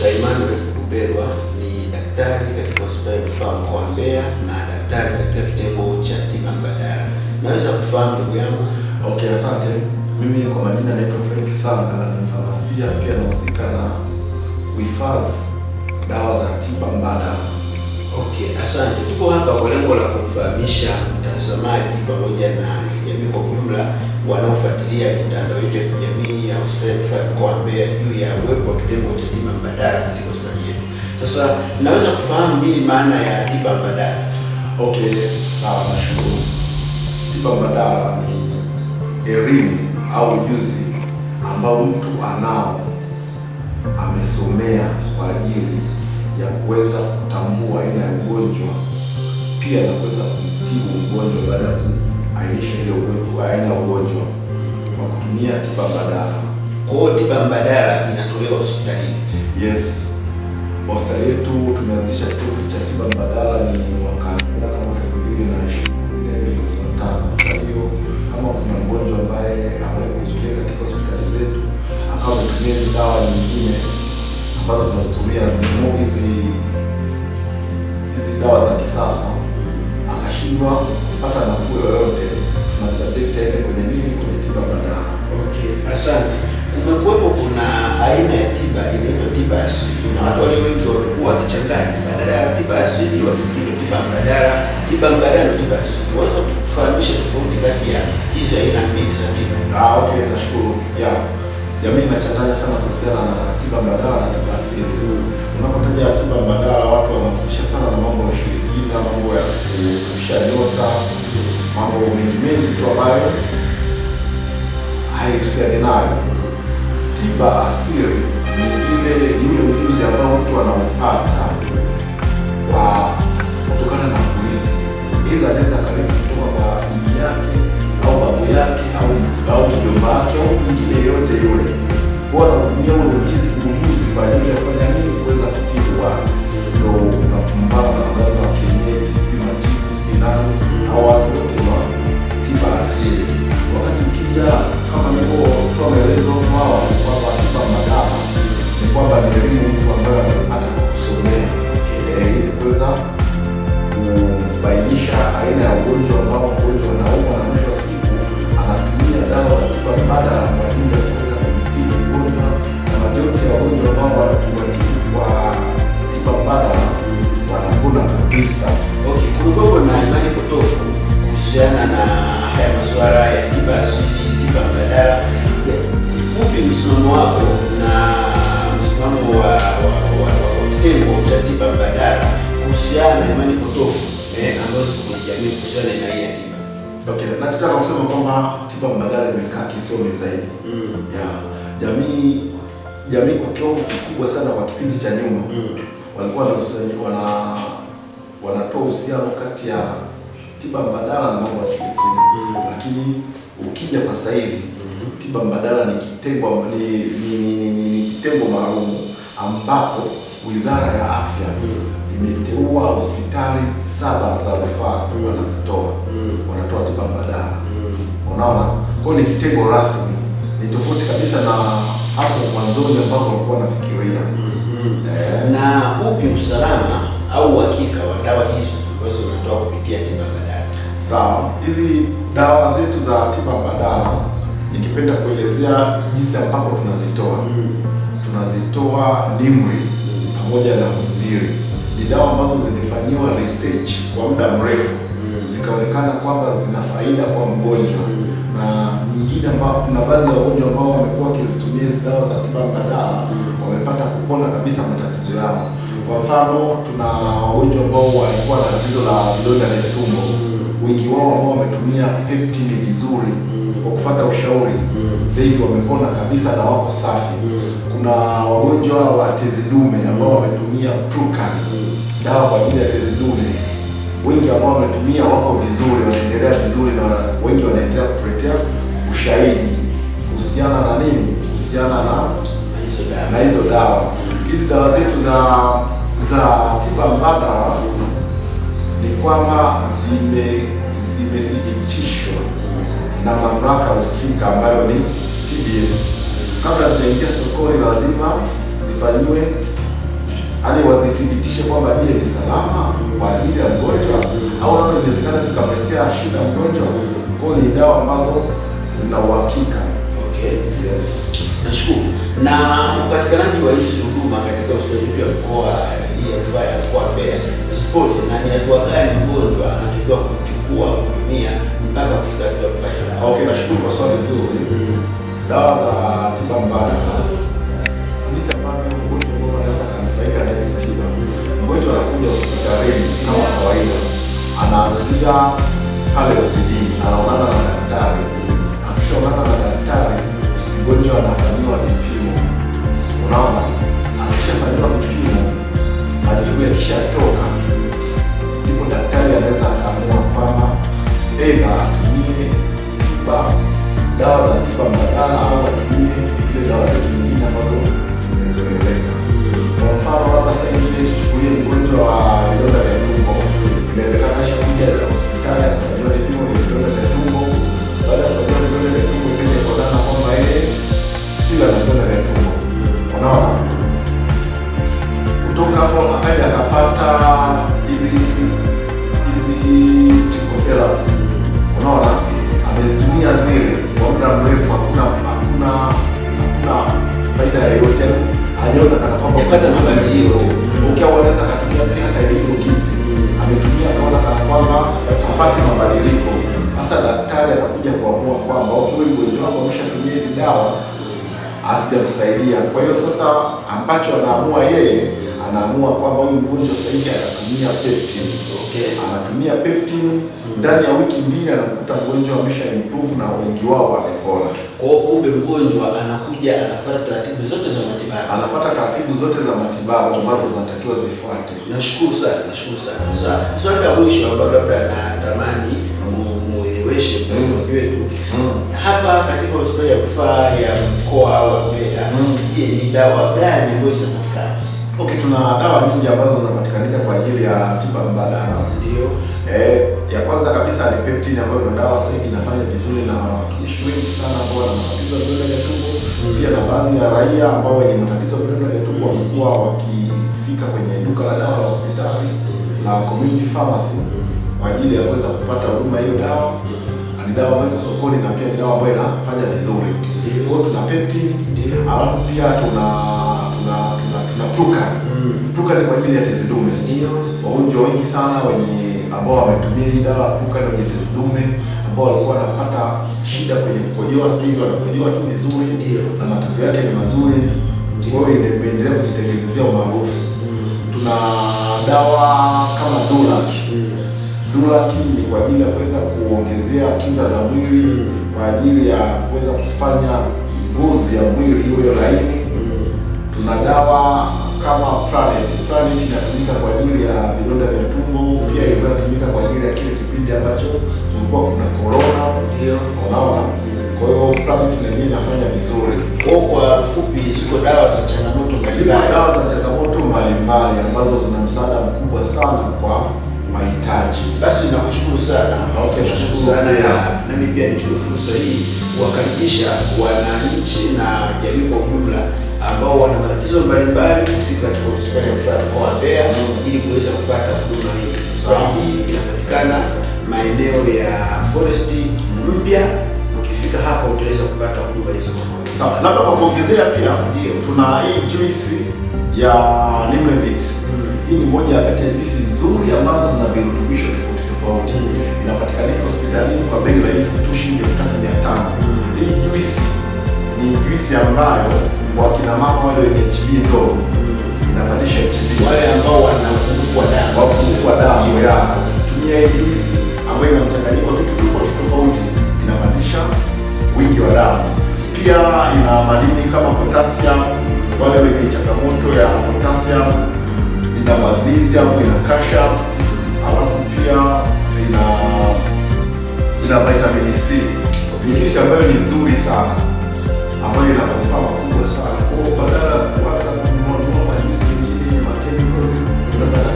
Dr. Emmanuel ni daktari katika hospitali ya rufaa mkoa wa Mbeya na daktari katika kitengo cha tiba mbadala. Naweza kufahamu ndugu yangu? Okay, asante. Mimi kwa majina naitwa Frank Sanga, ni mfamasia, pia nahusika na kuhifadhi dawa za tiba mbadala. Okay, asante. Tupo hapa kwa lengo la kumfahamisha mtazamaji pamoja na jamii kwa ujumla wanaofuatilia mitandao yetu ya kijamii ya hospitali ya mkoa wa Mbeya juu ya uwepo wa kitengo cha tiba mbadala katika hospitali yetu. Sasa naweza kufahamu nini maana ya tiba mbadala? Okay, sawa, nashukuru. Tiba mbadala ni elimu au ujuzi ambao mtu anao amesomea kwa ajili ya kuweza kutambua aina ya ugonjwa, pia na kuweza kumtibu mgonjwa baada ya kuainisha ile ugonjwa aina ugonjwa kwa kutumia tiba mbadala. Kwa hiyo tiba mbadala inatolewa hospitalini? Yes, hospitali yetu tumeanzisha kituo cha tiba mbadala ni mwaka elfu mbili na ishirini mwezi wa tano. Kwa hiyo kama kuna mgonjwa ambaye hawahi kuzulia katika hospitali zetu akawa ametumia hizi dawa nyingine ambazo tunazitumia hizi hizi dawa za kisasa akashindwa kupata nafuu yoyote na kwenye nini, kwenye tiba mbadala. Okay, asante. Kumekuwepo kuna aina ya tiba inaitwa tiba asili, na watu walio wengi wamekuwa wakichanganya badala ya tiba asili wakifikiri tiba mbadala, tiba mbadala, tiba asili. Unaweza kufahamisha tofauti kati ya hizi aina mbili za tiba? Ah, okay, nashukuru yeah. Jamii inachanganya sana kuhusiana na tiba mbadala na tiba asili. Unapotaja tiba mbadala, watu wanahusisha sana na mambo ya ushirikina, mambo ya kusafisha nyota mambo mengi mengi tu ambayo haihusiani nayo. Tiba asili ni ile yule ujuzi ambao mtu anaupata kwa kutokana na kurithi, iza anaweza akarithi kutoka kwa bibi yake au babu yake au au mjomba wake au mtu mwingine yeyote yule, kwa anautumia ule ujuzi kwa ajili ya kufanya nini, kuweza kutibu watu kabisa. Okay, kulikuwepo na imani potofu kuhusiana na haya masuala ya tiba asili, tiba mbadala. Upi msimamo wako na msimamo wa kitengo cha tiba mbadala kuhusiana na imani potofu eh, ambazo jamii kuhusiana na hii tiba? Okay, tutaka kusema kwamba tiba mbadala imekaa kisomi zaidi mm. ya jamii jamii kwa kiwango kikubwa sana kwa kipindi cha nyuma mm. walikuwa wana wanatoa uhusiano kati ya tiba mbadala na mambo ya kielektroniki mm -hmm. Lakini ukija kwa sasa hivi mm -hmm. tiba mbadala ni kitengo ni, ni, ni, ni, ni kitengo maalum ambapo Wizara ya Afya mm -hmm. imeteua hospitali saba za rufaa mm -hmm. wanazitoa mm wanatoa tiba mbadala mm unaona, kwa ni kitengo rasmi, ni tofauti kabisa na hapo mwanzoni ambapo walikuwa nafikiria mm -hmm. eh, na upi usalama au uhakika wa dawa hizi ambazo unatoa kupitia tiba mbadala? Sawa, hizi dawa zetu za tiba mbadala nikipenda kuelezea jinsi ambapo tunazitoa mm. tunazitoa Nimri pamoja na Mumbiri. Ni dawa ambazo zimefanyiwa research kwa muda mrefu hmm. zikaonekana kwamba zina faida kwa mgonjwa mm. na nyingine ambao kuna baadhi ya wagonjwa ambao wamekuwa wakizitumia hizi dawa za tiba mbadala mm. wamepata kupona kabisa matatizo yao. Kwa mfano tuna wagonjwa ambao walikuwa na tatizo la vidonda vya tumbo, mm. wengi wao ambao wametumia peptide vizuri mm. kwa kufata ushauri, mm. sasa hivi wamepona kabisa na wako safi. Kuna wagonjwa wa tezi dume ambao wametumia Prucan, dawa kwa ajili ya tezi dume, wengi ambao wametumia wako vizuri, wanaendelea vizuri na wengi wanaendelea kutuletea ushahidi kuhusiana na nini, kuhusiana na na hizo dawa. Hizi dawa zetu za za tiba mbadala ni kwamba zimethibitishwa zime na mamlaka husika ambayo ni TBS. Kabla zinaingia sokoni, lazima zifanyiwe ali wazithibitishe kwamba je, ni salama kwa ajili ya mgonjwa au labda inawezekana zikamletea shida mgonjwa. Kwa ni dawa ambazo zina uhakika. Okay. Yes. Nashukuru. Na upatikanaji wa hizi huduma katika hospitali ya mkoa rufaa EMFI alikuwa Mbeya, isipoje, na ni hatua gani mgonjwa anatakiwa kuchukua kutumia mpaka kufika hatua kupata dawa? Okay, nashukuru kwa swali zuri. Mm. Dawa za tiba mbadala, jinsi ambavyo mgonjwa mmoja anaweza kanufaika na hizi tiba. Mgonjwa anakuja hospitalini kama kawaida, anaanzia pale OPD, anaonana na daktari, akishaonana na daktari mgonjwa anafa ikishatoka, ndipo daktari anaweza akaamua kwamba eva atumie tiba, dawa za tiba mbadala au kutoka hapo akaja akapata hizi hizi therapy, unaona amezitumia zile kwa muda mrefu, hakuna hakuna hakuna faida yoyote, hajaona kana kwamba ukiwa unaweza kutumia pia hata hiyo kit ametumia, akaona kana kwamba apate mabadiliko. Sasa daktari anakuja kuamua kwamba huyu mgonjwa wako ameshatumia hizi dawa hazijakusaidia, kwa hiyo sasa ambacho anaamua yeye anaamua kwamba huyu mgonjwa sasa hivi anatumia peptin. Okay. Anatumia peptin ndani ya wiki mbili anakuta mgonjwa amesha improve na wengi wao wamepona. Kwa hiyo kumbe mgonjwa anakuja anafuata taratibu zote za matibabu. Anafuata taratibu zote za matibabu ambazo zinatakiwa zifuate. Nashukuru sana, nashukuru sana. Sasa swali la mwisho ambalo labda natamani mueleweshe mtazamaji mm. wetu. Mm. Hapa katika hospitali ya rufaa ya mkoa wa Mbeya, mm. ni dawa gani ambayo zinapatikana? Okay, tuna dawa nyingi ambazo zinapatikanika kwa ajili ya tiba mbadala. Ndio. Eh, ya kwanza kabisa ni peptin ambayo ndio dawa sasa inafanya vizuri na watumishi wengi sana ambao wana matatizo ya vidonda vya tumbo, hmm. pia na baadhi ya raia ambao wenye matatizo ya vidonda vya tumbo wamekuwa wakifika kwenye duka la dawa la hospitali la community pharmacy kwa ajili ya kuweza kupata huduma hiyo dawa. Ni dawa ambayo sokoni na pia ni dawa ambayo inafanya vizuri. Kwa hiyo tuna peptin. Ndio. alafu pia tuna tuka mm. tuka ni kwa ajili ya tezi dume, ndio wagonjwa wengi sana wenye ambao wametumia hii dawa tuka na wenye tezi dume ambao walikuwa wanapata shida kwenye kukojoa, sasa hivi wanakojoa tu vizuri, ndio na matokeo yake ni mazuri. Kwa hiyo imeendelea kujitengenezea umaarufu mm. Tuna dawa kama Dulac mm. Dulac ni kwa ajili ya kuweza kuongezea kinga za mwili mm. kwa ajili ya kuweza kufanya ngozi ya mwili iwe laini mm. tuna dawa kama Planet. Planet inatumika kwa ajili ya vidonda vya tumbo, pia inatumika kwa ajili ya kile kipindi ambacho kulikuwa kuna corona. Ndio. Unaona? Kwa hiyo Planet na yeye inafanya vizuri. Kwa kwa fupi ziko dawa za changamoto mbalimbali. Ziko dawa za changamoto mbalimbali ambazo zina msaada mkubwa sana kwa mahitaji. Basi nakushukuru sana. Okay, nashukuru sana ya mimi pia nichukue fursa hii kuwakaribisha wananchi na jamii kwa ujumla ambao wana matatizo mbalimbali kufika katika hospitali ya rufaa mkoa wa Mbeya ili kuweza kupata huduma hii. Hii inapatikana maeneo ya Forest Mpya. Ukifika hapa utaweza kupata huduma hizo. Sawa, labda kwa kuongezea pia ndio tuna hii juisi ya Nimevit hmm. Hii ni moja kati ya juisi nzuri ambazo zina virutubisho tofauti tofauti, hmm. inapatikana hospitalini kwa bei rahisi tu shilingi elfu tatu mia tano. Hmm. Hii juisi ni juisi ambayo wakina mama wale wenye HIV ndogo inapandisha HIV. wale ambao wana upungufu wa damu, wa upungufu wa damu ya kutumia hii ambayo ina mchanganyiko wa vitu tofauti tofauti, inapandisha wingi wa damu. Pia ina madini kama potassium, wale wenye changamoto ya potassium, ina magnesium, ina calcium, alafu pia ina ina vitamin C, ni ambayo ni nzuri sana ambayo ina manufaa kubwa sana. Kwa badala ya kuanza kununua majusi mengine ya hapa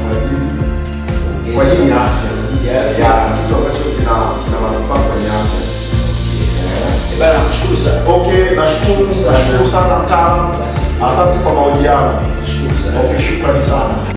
kwa ajili kwa ajili ya afya ya kitu ambacho kina kina manufaa kwenye afya. Eh, sana. Okay, nashukuru nashukuru sana mtaalamu. Asante kwa mahojiano. Nashukuru sana. Okay, shukrani sana.